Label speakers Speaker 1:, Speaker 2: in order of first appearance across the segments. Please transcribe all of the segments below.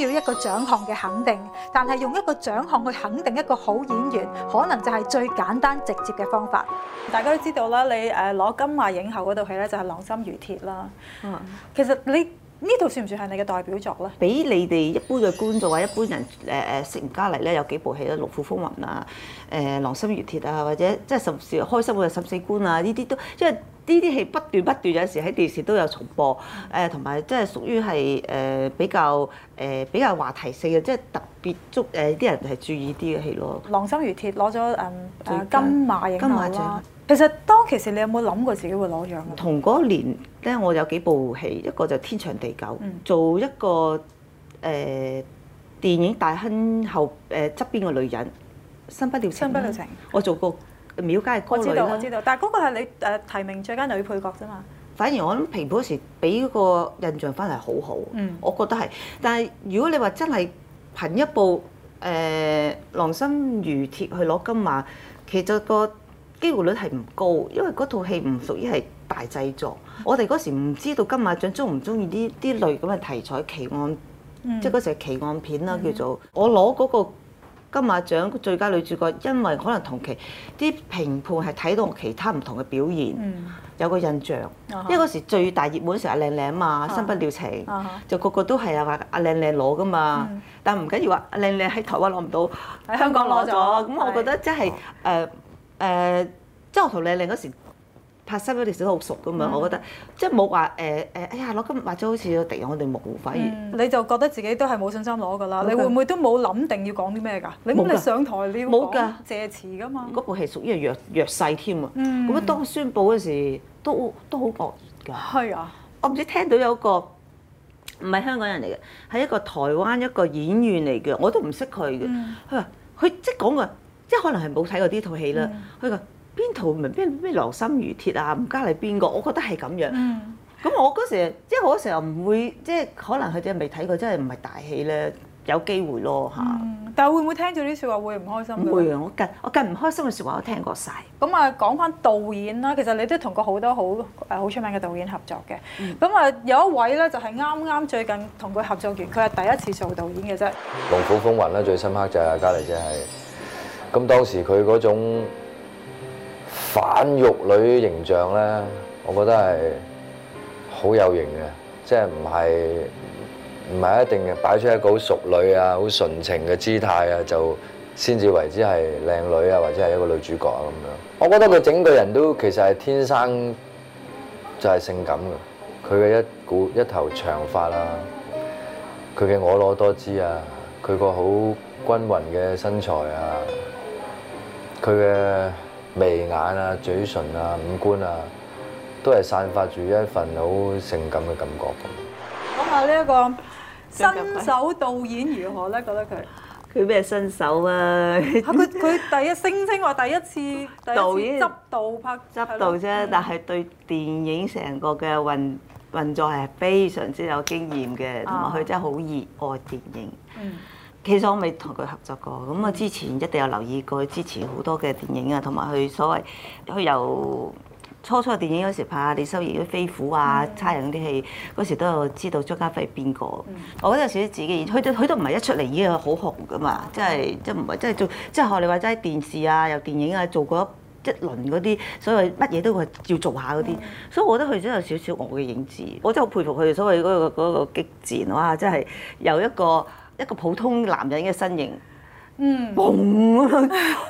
Speaker 1: 要一個獎項嘅肯定，但係用一個獎項去肯定一個好演員，可能就係最簡單直接嘅方法。大家都知道啦，你誒攞金馬影后嗰套戲咧，就係《狼心如鐵》啦。嗯， 其實你。呢套算唔算係你嘅代表作咧？
Speaker 2: 俾你哋一般嘅觀眾話，一般人誒誒識唔識吳家麗咧，有幾部戲咧，《龍虎風雲》啊、呃，《誒郎心如鐵》啊，或者即係甚至開心嘅《審死官》啊，呢啲都即係呢啲戲不斷不斷有時喺電視都有重播，誒同埋即係屬於係誒、呃、比較誒、呃、比較話題性嘅，即係特別捉誒啲人係注意啲嘅戲咯。《郎心如鐵》攞咗誒金
Speaker 1: 馬影后啦。其實當其時，你有冇諗過自己會攞獎？
Speaker 2: 同嗰年咧，我有幾部戲，一個就《天長地久》嗯，做一個誒、呃、電影大亨後誒側、呃、邊嘅女人《新不了情》。新不了情，我做過廟街嘅歌女啦。我知道，我知
Speaker 1: 道，但係嗰個係你誒、呃、提名最佳女配角啫嘛。
Speaker 2: 反而我諗評判嗰時俾個印象翻嚟好好，嗯、我覺得係。但係如果你話真係憑一部誒、呃《郎心如鐵》去攞金馬，其實、個。機會率係唔高，因為嗰套戲唔屬於係大製作。我哋嗰時唔知道金馬獎鍾唔鍾意呢啲類咁嘅題材奇案，即係嗰時係奇案片啦，叫做我攞嗰個金馬獎最佳女主角，因為可能同期啲評判係睇到其他唔同嘅表現，有個印象。嗯、因為嗰時最大熱門係阿靚靚啊嘛，《新不了情》嗯、就個個都係啊話阿靚靚攞噶嘛，但唔緊要啊，阿靚靚喺台灣攞唔到，喺香港攞咗。咁、嗯、我覺得即係誒。嗯誒，即係我同靚靚嗰時拍攝嗰時都好熟噶嘛，我覺得即係冇話誒誒，哎呀攞金或者好似敵人，我哋冇，反而
Speaker 1: 你就覺得自己都係冇信心攞噶啦。你會唔
Speaker 2: 會都冇諗定要講啲咩㗎？你咁你上台你要謝詞㗎嘛？嗰部戲屬於弱弱勢添啊！咁啊，當宣佈嗰時都都好愕然㗎。係啊，我唔知聽到有個唔係香港人嚟嘅，係一個台灣一個演員嚟嘅，我都唔識佢嘅。佢話佢即係講話。即係可能係冇睇過呢套戲啦、嗯，佢話邊套唔明邊邊《心如鐵》啊，《吳家麗》邊個？我覺得係咁樣。咁我嗰時即係我嗰時候唔會，即係可能佢哋未睇過，即係唔係大戲咧，有機會咯嚇。但
Speaker 1: 係會唔會聽住啲説話會唔開心？唔會啊！
Speaker 2: 我近我近唔開心嘅説話我聽過晒。
Speaker 1: 咁啊，講翻導演啦，其實你都同過好多好誒好出名嘅導演合作嘅。咁啊，有一位咧就係啱啱最近同佢合作完，佢係第一次做導演嘅啫。《龍虎風雲》咧，最深刻就係家麗姐係。咁當時佢嗰種反玉女形象呢，我覺得係好有型嘅，即係唔係唔係一定擺出一個好淑女啊、好純情嘅姿態啊，就先至為之係靚女啊，或者係一個女主角啊咁樣。我覺得佢整個人都其實係天生就係性感嘅，佢嘅一股一頭長髮啊，佢嘅婀娜多姿啊，佢個好均勻嘅身材啊。佢嘅眉眼啊、嘴唇啊、五官啊，都係散發住一份好性感嘅感覺。講下呢一個新手導演如何咧？
Speaker 2: 覺得佢佢咩新手啊？佢
Speaker 1: 佢第一聲稱話第一次，第一次導
Speaker 2: 演執導拍執導啫，嗯、但係對電影成個嘅運運作係非常之有經驗嘅，同埋佢真係好熱愛電影。嗯其實我未同佢合作過，咁我之前一定有留意過佢之前好多嘅電影啊，同埋佢所謂佢由初初嘅電影嗰時拍李修賢啲飛虎啊、差人啲戲，嗰時都有知道張家輝邊個。我覺得有少少自己，佢都佢都唔係一出嚟已經好紅噶嘛，即係即唔係即係做即係學你話齋電視啊、又電影啊做過一輪嗰啲，所謂乜嘢都會要做下嗰啲。嗯、所以我覺得佢真係有少少我嘅影子。我真係好佩服佢所謂嗰、嗰個嗰個嗰個激戰，哇！即係有一個。一個普通男人嘅身形，嗯，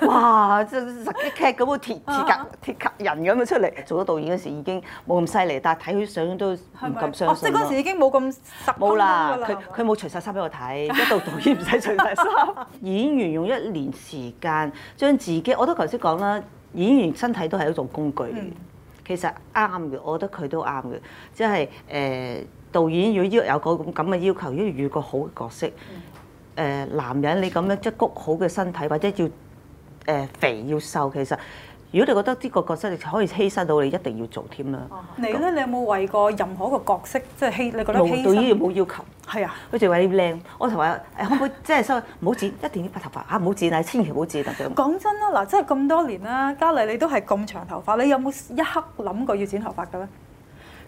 Speaker 2: 哇！即係實力劇咁嘅鐵鐵甲鐵人咁樣出嚟。啊、做咗導演嗰時、啊、時已經冇咁犀利，但係睇佢相都唔咁相信咯。嗰時已經冇咁十。冇啦，佢佢冇除晒衫俾我睇，一做導演唔使除晒衫。 演員用一年時間將自己，我都頭先講啦，演員身體都係一種工具，嗯、其實啱嘅，我覺得佢都啱嘅，即係誒。呃導演如果要有個咁咁嘅要求，要遇個好嘅角色，誒、嗯呃、男人你咁樣即係谷好嘅身體，或者要誒、呃、肥要瘦，其實如果你覺得呢個角色你可以犧牲到，你一定要做添啦。啊啊、說
Speaker 1: 你咧，你有冇為過任何一個角色，即係犧？你覺得犧牲？冇冇要求。係啊，
Speaker 2: 佢就話你靚。我同佢、哎、可唔可以即係收唔好剪，一定要白頭髮啊！唔好剪啊，千祈唔好剪得長。講真啦，嗱，真係咁多年啦，家麗你都係咁長頭髮，
Speaker 1: 你有冇一刻諗過要剪頭髮嘅咧？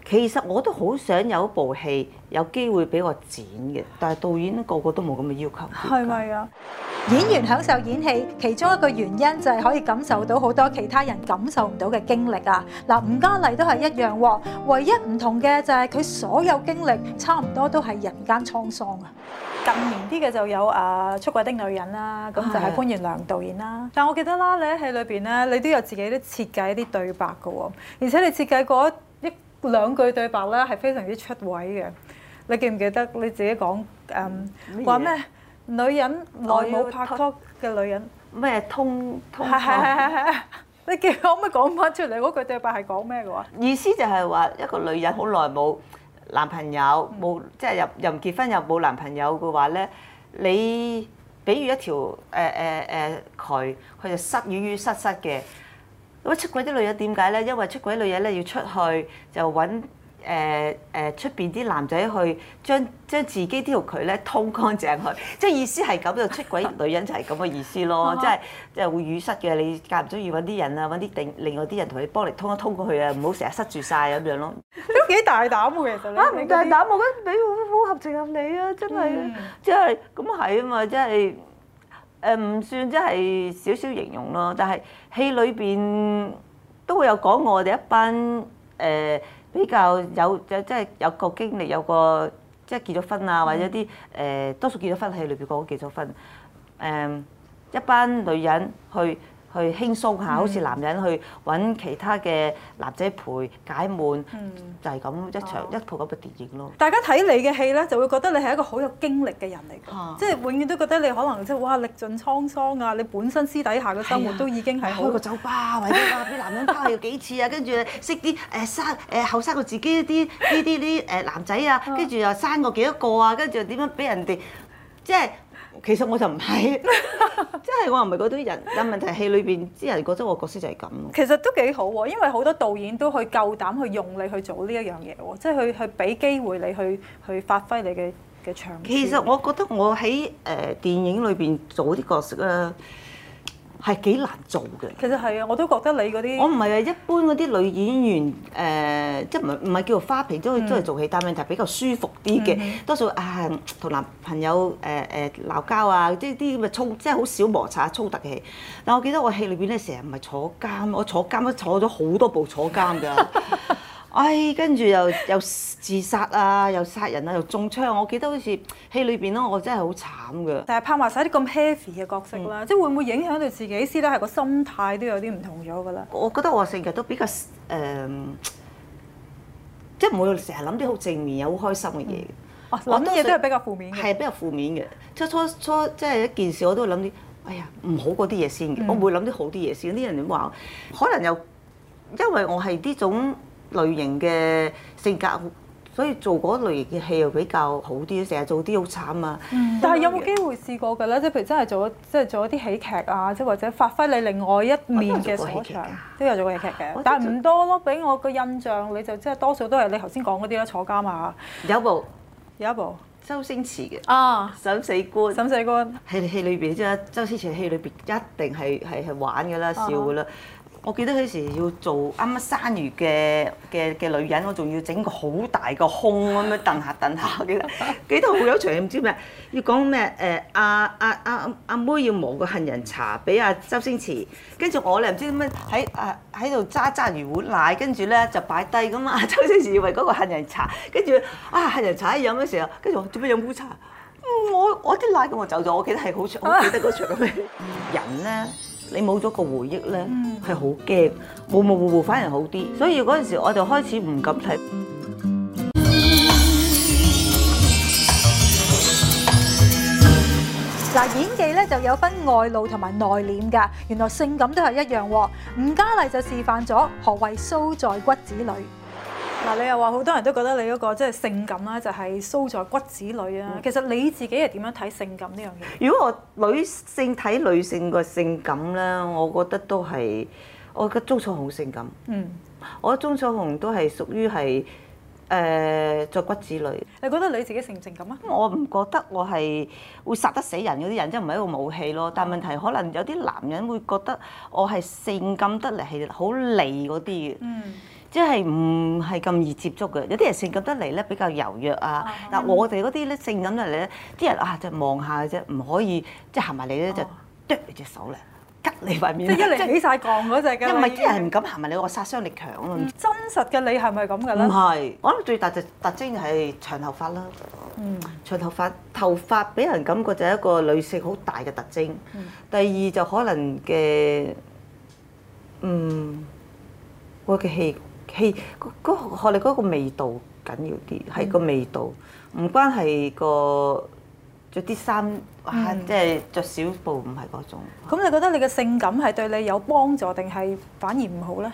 Speaker 2: 其實我都好想有部戲有機會俾我剪嘅，但係導演個個都冇咁嘅要求。係咪啊？
Speaker 1: 演員享受演戲，其中一個原因就係可以感受到好多其他人感受唔到嘅經歷啊！嗱，吳家麗都係一樣喎，唯一唔同嘅就係佢所有經歷差唔多都係人間滄桑啊！近年啲嘅就有啊《出軌的女人》啦，咁就係潘源良導演啦。但係我記得啦，你喺戲裏邊咧，你都有自己啲設計一啲對白㗎喎，而且你設計過。兩句對白咧係非常之出位嘅，你記唔記得你自己講誒話咩？女人耐冇拍拖嘅女人咩？哦，通通房？係係係係。你記可唔可以講翻出嚟
Speaker 2: 嗰句對白係講咩嘅話？意思就係話一個女人好耐冇男朋友冇，嗯，即係又又唔結婚又冇男朋友嘅話咧，你比喻一條誒誒誒佢佢就失戀於失失嘅。咁出軌啲女人點解咧？因為出軌女人咧要出去就揾誒誒出邊啲男仔去將將自己條渠咧通乾淨去，即係意思係咁。就出軌女人就係咁嘅意思咯。即係即係會淤塞嘅，你夾唔中意揾啲人啊，揾啲定另外啲人同你幫你通一通過去啊，唔好成日塞住晒咁樣咯。都幾大膽喎，其實嚇唔大膽，我覺得比較合情合理啊，真係，即係咁係啊嘛，即係。誒唔算，即係少少形容咯，但係戲裏邊都會有講過，我哋一班誒、呃、比較有有即係、就是、有個經歷，有個即係、就是、結咗婚啊，或者啲誒、呃、多數結咗婚，戲裏邊講結咗婚，誒一班女人去。去輕鬆下，好似男人去揾其他嘅男仔陪解悶，嗯、就係咁一場、哦、一套嗰部電影咯。大家睇
Speaker 1: 你嘅戲咧，就會覺得你係一個好有經歷嘅人嚟㗎，即係、啊、永遠都覺得你可能即係哇歷盡
Speaker 2: 滄桑啊！你本身私底下嘅生活都已經係好、啊、個酒吧，或者話俾男人拋下幾次啊，跟住識啲誒生誒後生嘅自己啲呢啲呢誒男仔 啊，跟住又生過幾多個啊，跟住又點樣俾人哋、就是、即係。 其實我就唔係，即係 我又唔係覺得人， 但問題戲裏邊啲人覺得我角色就係咁。其實都幾好喎，
Speaker 1: 因為好多導演都去夠膽去用你去做呢一樣嘢喎，即係去去俾機會你去去發揮你嘅嘅長處。其實
Speaker 2: 我覺得我喺誒、呃、電影裏邊做啲角色。係幾難做嘅。其實係啊，我都覺得你嗰啲我唔係啊，一般嗰啲女演員誒、呃，即係唔唔係叫做花瓶，都都係做戲，嗯、但問題比較舒服啲嘅。嗯、多數啊，同男朋友誒誒鬧交啊，啲啲咁嘅衝，即係好少摩擦衝突嘅戲。但係我記得我戲裏邊咧，成日唔係坐監，我坐監都坐咗好多部坐監㗎。 唉，跟住又又自殺啊，又殺人啊，又中槍，我記得好似戲裏邊咯，我真係好慘嘅。但係拍埋晒啲咁 heavy 嘅
Speaker 1: 角色啦，即係、嗯、會唔會影響到自己先咧？係個心態都有啲唔同咗㗎啦。
Speaker 2: 我覺得我成日都比較誒、呃，即係唔會成日諗啲好正面又好開心嘅嘢嘅。諗嘢都係比較負面嘅，係比較負面嘅、嗯。即初初即係一件事我，我都會諗啲哎呀唔好嗰啲嘢先嘅。嗯、我唔會諗啲好啲嘢先。啲人點話？可能又因為我係呢種類型嘅性格，所以做嗰類型嘅戲又比較好啲，成日做啲好慘啊！嗯嗯、但係有冇機會試過嘅咧？即係譬如真係做咗，即、
Speaker 1: 就、係、是、做咗啲喜劇啊！即係或者發揮你另外一面嘅形象，都有做過喜劇嘅、啊，劇但係唔多咯。俾我個印象，你就即係多數都係你頭先講嗰啲啦，坐監啊！有部，
Speaker 2: 有一部，有一部周星馳嘅啊，審死官，審死官喺戲裏邊即係周星馳戲裏邊一定係係係玩嘅啦，笑嘅啦。啊啊我記得嗰時要做啱啱生完嘅嘅嘅女人，我仲要整個好大個胸咁樣蹬下凳下，下。記得記得好有場，唔知咩要講咩誒？阿阿阿阿妹要磨個杏仁茶俾阿周星馳，跟住我咧唔知點樣喺誒喺度揸揸完碗奶，跟住咧就擺低咁啊！周星馳以為嗰個杏仁茶，跟住啊杏仁茶一飲嘅時候，跟住我做咩？飲烏茶？我我啲奶咁我走咗，我記得係好長我記得嗰場咁咩人咧。你冇咗個回憶咧，係好驚，模模糊糊反而好啲。所以嗰陣時，我就開始唔敢睇。
Speaker 1: 嗱，演技咧就有分外露同埋內斂噶，原來性感都係一樣。吳家麗就示範咗何謂酥在骨子裏。嗱、啊，你又話好多人都覺得你嗰個即係性感啦，就係蘇在骨子裏啦、啊。嗯、其實你自己係點樣睇性感呢樣
Speaker 2: 嘢？如果我女性睇女性個性感咧，我覺得都係我覺得鍾楚紅性感。嗯，我覺得鍾楚紅都係屬於係誒、呃、在骨子裏。你
Speaker 1: 覺得你自己性唔性感啊？
Speaker 2: 我唔覺得我係會殺得死人嗰啲人，即係唔係一個武器咯。但問題可能有啲男人會覺得我係性感得嚟係好利嗰啲嘅。嗯。即係唔係咁易接觸嘅，有啲人性感得嚟咧比較柔弱啊。嗱，我哋嗰啲咧，性感得嚟咧，啲人啊就望下佢啫，唔可以即係行埋嚟咧就剁你隻手咧，拮你塊面。即係一嚟起曬槓嗰隻。一唔係啲人唔敢行埋嚟，我殺傷力強啊。真實嘅你係咪咁嘅咧？唔係，我覺得最大嘅特徵係長頭髮啦。嗯，長頭髮頭髮俾人感覺就係一個女性好大嘅特徵。第二就可能嘅，嗯，我嘅氣。氣嗰嗰學你嗰個味道緊要啲，係個味道，唔關係個著啲衫，哇！即係著少部唔係嗰種。
Speaker 1: 咁你覺得你嘅性感係對你有幫助定係反而唔好咧？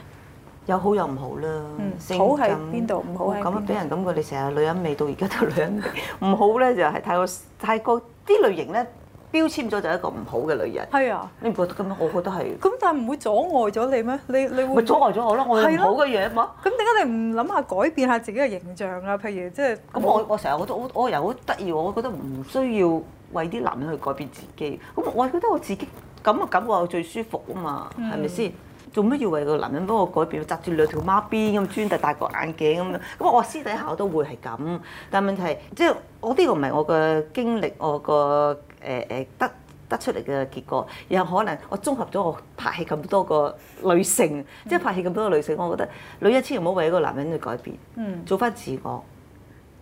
Speaker 2: 有好有唔好啦，好係邊度？唔好係邊度？咁啊，俾人感覺你成日女人味，到而家都女人味。唔好咧就係太過太過啲類型咧。標籤咗就係一個唔好嘅女人。係啊，你唔覺得咁樣？我覺得係。咁但係
Speaker 1: 唔會阻礙咗你咩？你你會，會阻礙咗我咯？我係好嘅樣嘛。
Speaker 2: 咁點解你唔諗下改變下自己嘅形象啊？譬如即係。咁、就是、我我成日我，我都我我人好得意，我覺得唔需要為啲男人去改變自己。咁我覺得我自己咁啊咁啊最舒服啊嘛，係咪先？做咩要為個男人幫我改變？紮住兩條孖辮咁，專登戴個眼鏡咁樣。咁 我私底下我都會係咁，但問題即係我呢個唔係我嘅經歷，我個。我誒誒得得出嚟嘅結果，然後可能我綜合咗我拍戲咁多個女性，嗯、即係拍戲咁多個女性，我覺得女人千萬唔好為一個男人去改變，嗯，做翻自我，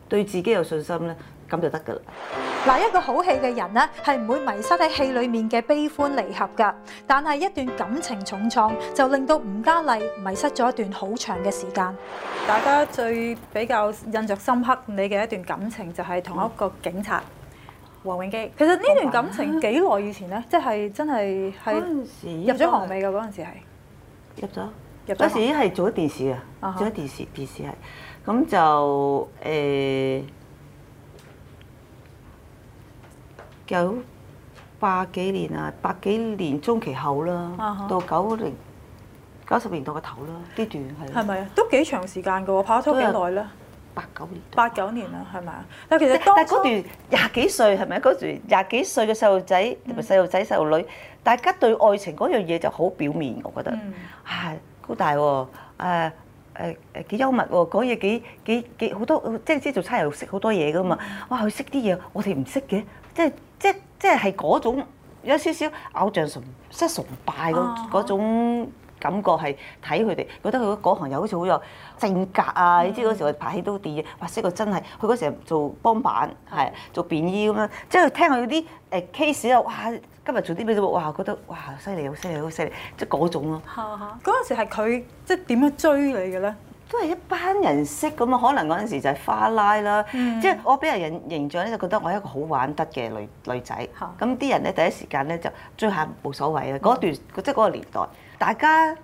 Speaker 2: 對自己有信心咧，咁就得㗎啦。
Speaker 1: 嗱，一個好戲嘅人咧，係唔會迷失喺戲裡面嘅悲歡離合㗎。但係一段感情重創，就令到吳家麗迷失咗一段好長嘅時間。大家最比較印象深刻你嘅一段感情就係同一個警察。嗯黃永基其實呢段感情幾耐以前咧？啊、即係真係係入咗行未噶，嗰陣時係入咗。嗰時係
Speaker 2: 做咗電視啊，做咗電視、uh huh. 電視係。咁就誒九八幾年啊，八幾年中期後啦，uh huh. 到九零九十年代嘅頭啦，呢段係。係咪
Speaker 1: 啊？都幾長時間噶喎，拍咗幾耐咧？八
Speaker 2: 九年，八九年啦，係咪？但其實當嗰段廿幾歲，係咪啊？嗰段廿幾歲嘅細路仔同埋細路仔細路女，大家對愛情嗰樣嘢就好表面，我覺得。嗯。啊，高大喎、哦，誒誒誒幾幽默喎、哦，講嘢幾幾幾好多，即係知做差人識好多嘢噶嘛。嗯、哇，佢識啲嘢，我哋唔識嘅，即係即即係係嗰種有少少偶像崇即崇拜個嗰、嗯、種。感覺係睇佢哋，覺得佢嗰行又好似好有性格啊！嗯、你知嗰時我哋拍戲都啲嘢，哇，識佢真係佢嗰時做幫板係、嗯、做便衣咁啦，即係、嗯、聽佢啲誒 case 啊！哇，今日做啲咩嘅？哇，覺得哇犀利，好犀利，好犀利，即係嗰種咯。嚇
Speaker 1: 嚇、
Speaker 2: 嗯！嗰陣時係佢即係點樣追你嘅咧？都係一班人識咁啊！可能嗰陣時就係花拉啦，嗯、即係我俾人形形象咧，就覺得我係一個好玩得嘅女女仔。嚇、嗯！咁啲人咧第一時間咧就追下冇所謂啦。嗰、啊嗯、段即係嗰個年代。大家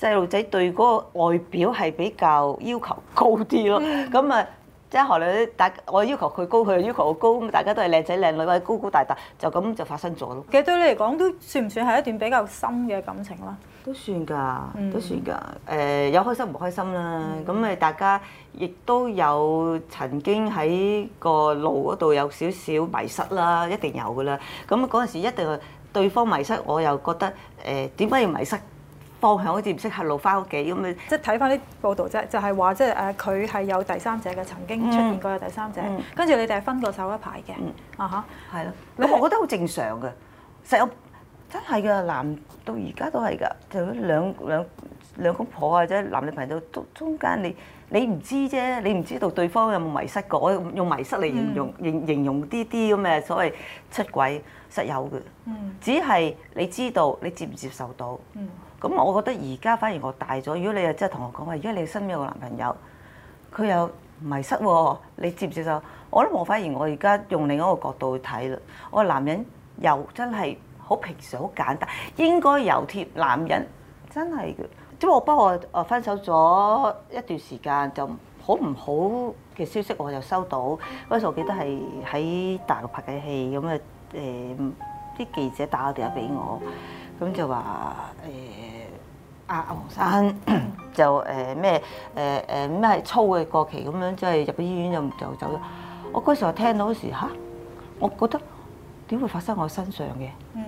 Speaker 2: 細路仔對嗰個外表係比較要求高啲咯，咁啊即係學女大我要求佢高，佢要求我高，咁大家都係靚仔靚女，咪高高大大，就咁就發生咗咯。其實對你嚟講，都算唔算係一段比較深嘅感情啦？都算㗎，都算㗎。誒、呃，有開心唔開心啦。咁、嗯、咪、嗯、大家亦都有曾經喺個路嗰度有少少迷失啦，一定有㗎啦。咁嗰陣時一定。一定對方迷失，我又覺得誒點解要迷失方向好？好似唔適合路返屋企咁樣！即係睇返啲報道啫，就係話即係誒佢係有第三者嘅，曾經出現過有第三者，
Speaker 1: 跟住、嗯、你哋係分過手一排嘅，嗯 uh、huh,
Speaker 2: 啊嚇，係咯是，我覺得好正常嘅，實有。真係噶男到而家都係噶，就兩兩兩公婆或者男女朋友都中間，你你唔知啫，你唔知，知道對方有冇迷失過，我用迷失嚟形容形、嗯、形容啲啲咁嘅所謂出軌室友嘅，只係你知道你接唔接受到。咁、嗯、我覺得而家反而我大咗，如果你又真係同我講話，而家你身邊有個男朋友，佢又迷失喎，你接唔接受？我諗我反而我而家用另一個角度去睇啦。我個男人又真係～好平常，好簡單，應該由貼男人真係嘅。因為我不過，我分手咗一段時間就好唔好嘅消息，我就收到。嗰時我記得係喺大陸拍嘅戲，咁啊誒啲記者打個電話俾我，咁就話誒阿阿黃生 就誒咩誒誒咩係粗嘅過期，咁樣即係入咗醫院就就走咗。我嗰時候我聽到嗰時嚇、啊，我覺得。點會發生喺我身上嘅？
Speaker 1: 嗯、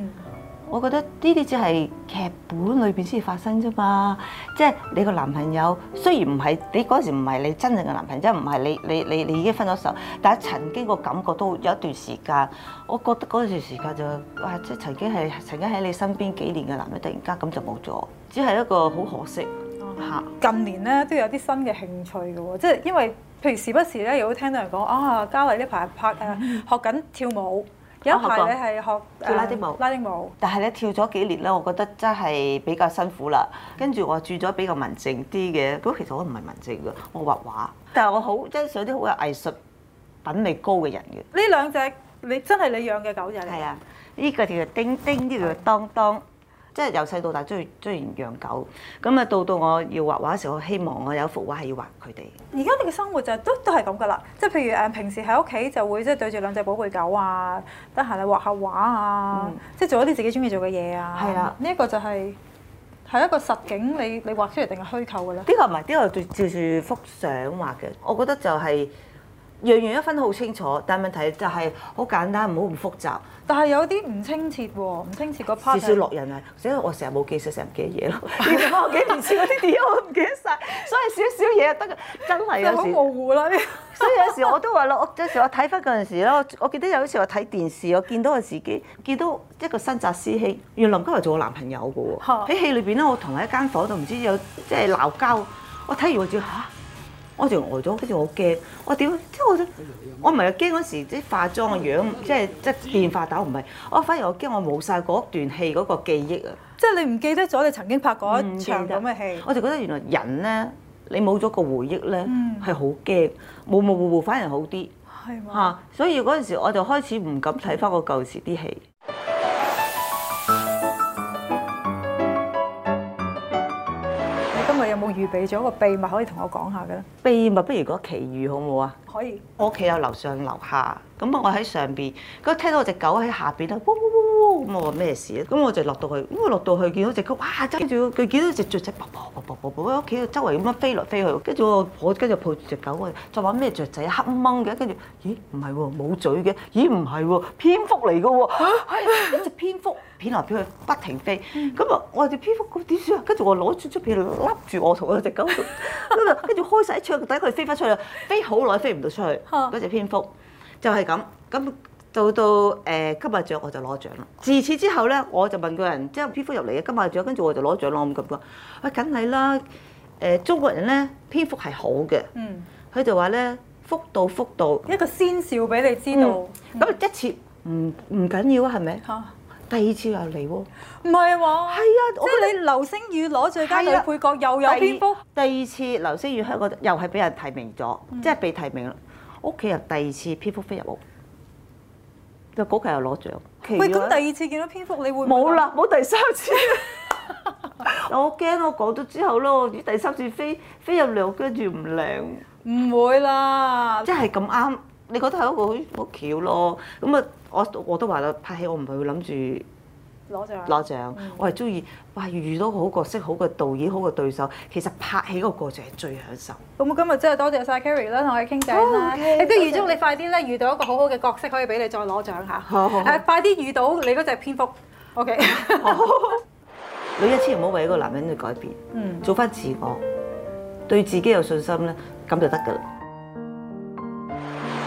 Speaker 2: 我覺得呢啲只係劇本裏邊先至發生啫嘛。即係你個男，男朋友，雖然唔係你嗰時唔係你真正嘅男朋友，即係唔係你你你你已經分咗手，但係曾經個感覺都有一段時間。我覺得嗰段時間就哇，即係曾經係曾經喺你身邊幾年嘅男人，突然間咁就冇咗，只係一個好可惜嚇。嗯嗯、
Speaker 1: 近年咧都有啲新嘅興趣嘅喎、哦，即係因為譬如時不時咧，又會聽到人講啊，嘉麗呢排拍誒、啊、學緊跳舞。 有一排你係學跳拉丁舞，呃、拉丁舞。
Speaker 2: 但係咧跳咗幾年咧，我覺得真係比較辛苦啦。跟住我住咗比較文靜啲嘅，不過其實我唔係文靜嘅。我畫畫。但係我好欣賞啲好有藝術品味高嘅人嘅。呢兩隻你真係你養嘅狗仔嚟？係啊，呢、這個叫做叮叮，呢、這個叫當當。即係由細到大中意中意養狗，咁啊到到我要畫畫嘅時候，我希望我有一幅畫係要畫佢哋。
Speaker 1: 而家你嘅生活就係都都係咁噶啦，即係譬如誒平時喺屋企就會即係對住兩隻寶貝狗啊，得閒你畫下畫啊，嗯、即係做一啲自己中意做嘅嘢啊。係啦，呢一個就係係一個實景你，你你畫出嚟定係虛構嘅
Speaker 2: 咧？呢個唔係，呢個係照住幅相畫嘅。我覺得就係。樣樣一分好清楚，但問題就係好簡單，唔好咁複雜。但係有啲唔清澈喎，唔清澈個 part。少少落人啊， 所以我成日冇記實成日唔記嘢咯。我前翻學幾年時嗰啲啲，我唔記得晒，所以少少嘢就得。真係有時好模糊啦。 所以有時我都話落屋，有時我睇翻嗰陣時咧，我記得有時我睇電視，我見到我自己，見到一個新紮師兄，原來林嘉華做我男朋友嘅喎。喺 戲裏邊咧，我同一間房度唔知有即係鬧交。我睇完我住嚇。啊我就呆、呃、咗，跟住我驚，我點啊？即係我，我唔係又驚嗰時啲化妝嘅樣，即係即係變化大唔係。我反而我驚我冇晒嗰段戲嗰個記憶啊！即係你唔記得咗你曾經拍過一場咁嘅戲，我就覺得原來人咧，你冇咗個回憶咧係好驚，模模糊糊反而好啲嚇嗎、啊。所以嗰陣時我就開始唔敢睇翻個舊時啲戲。預
Speaker 1: 備咗個秘密可以同我講下嘅
Speaker 2: 咧？秘密不如講奇遇好唔好啊？可以，我屋企有樓上樓下。咁我喺上邊，嗰聽到我隻狗喺下邊啊，哇哇哇哇！咁我話咩事啊？咁我就落到去，咁我落到去見到隻狗，哇！跟住佢見到隻雀仔，啵啵啵啵啵喺屋企嘅周圍咁樣飛嚟飛去。跟住我婆跟住抱住隻狗啊，再問咩雀仔，黑掹嘅。跟住咦，唔係喎，冇嘴嘅。咦，唔係喎，蝙蝠嚟嘅喎，係 一隻蝙蝠，片嚟飛去不停飛。咁啊、嗯，我話隻蝙蝠點算啊？跟住我攞住出片笠住我同我隻狗，跟住開晒一窗，等佢飛翻出去。飛好耐，飛唔到出去，嗰隻蝙蝠。就係咁，咁到到誒，金像獎我就攞獎啦。自此之後咧，我就，我就問個人，即係蝙蝠入嚟啊，金像獎，跟住我就攞獎攞咁咁嘅。喂，梗係啦，誒，中國人咧，蝙蝠係好嘅。嗯。佢就話咧，福到福到。一個先兆俾你知道，咁、嗯嗯、一次唔唔緊要啊，係咪？嚇。第二次又嚟喎。唔係喎。係啊，我即係你流星雨攞最佳女配角又有蝙蝠。啊、第二次流星雨喺嗰度又係俾人提名咗，嗯、即係被提名 屋企人第二次蝙蝠飛入屋，就嗰期又攞獎。喂，咁第二
Speaker 1: 次見到蝙蝠，你會冇啦？
Speaker 2: 冇第三次。 我驚我講咗之後咯，啲第三次飛飛入嚟，我跟住唔靚。唔會啦，即係咁啱，你覺得係一個好巧咯。咁啊，我我都話啦，拍戲我唔係會諗住。攞獎，攞獎、嗯！我係鍾意，哇！遇到個好角色、好嘅導演、好嘅對手，其實拍起嗰個過程係最享受。
Speaker 1: 咁我今日真係多謝晒 Kerry 啦，同我哋傾偈啦。你都預祝你快啲咧，遇到一個好好嘅角色，可以俾你再攞獎吓。好，誒、啊、快啲遇到你嗰隻蝙蝠。O、okay、
Speaker 2: K。好女嘅 千萬唔好為一個男人去改變，嗯，做翻自我，對自己有信心咧，咁就得㗎啦。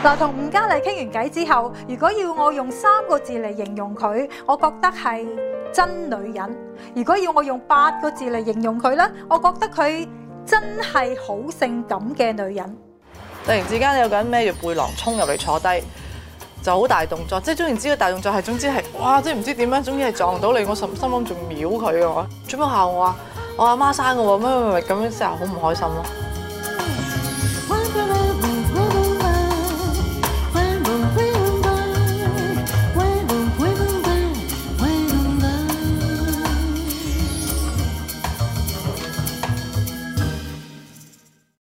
Speaker 1: 嗱，同 吳樂家麗傾完偈之後，如果要我用三個字嚟形容佢，我覺得係真女人。如果要我用八個字嚟形容佢咧，我覺得佢真係好性感嘅女人。突然之間你有個人孭住背囊衝入嚟坐低，就好大動作。即係，總之個大動作係，總之係，哇！即係唔知點樣，總之係撞到你，我心心諗仲秒佢嘅。我話，做乜吓我啊？我阿媽生嘅喎，咪咪咪咁樣之後好唔開心咯。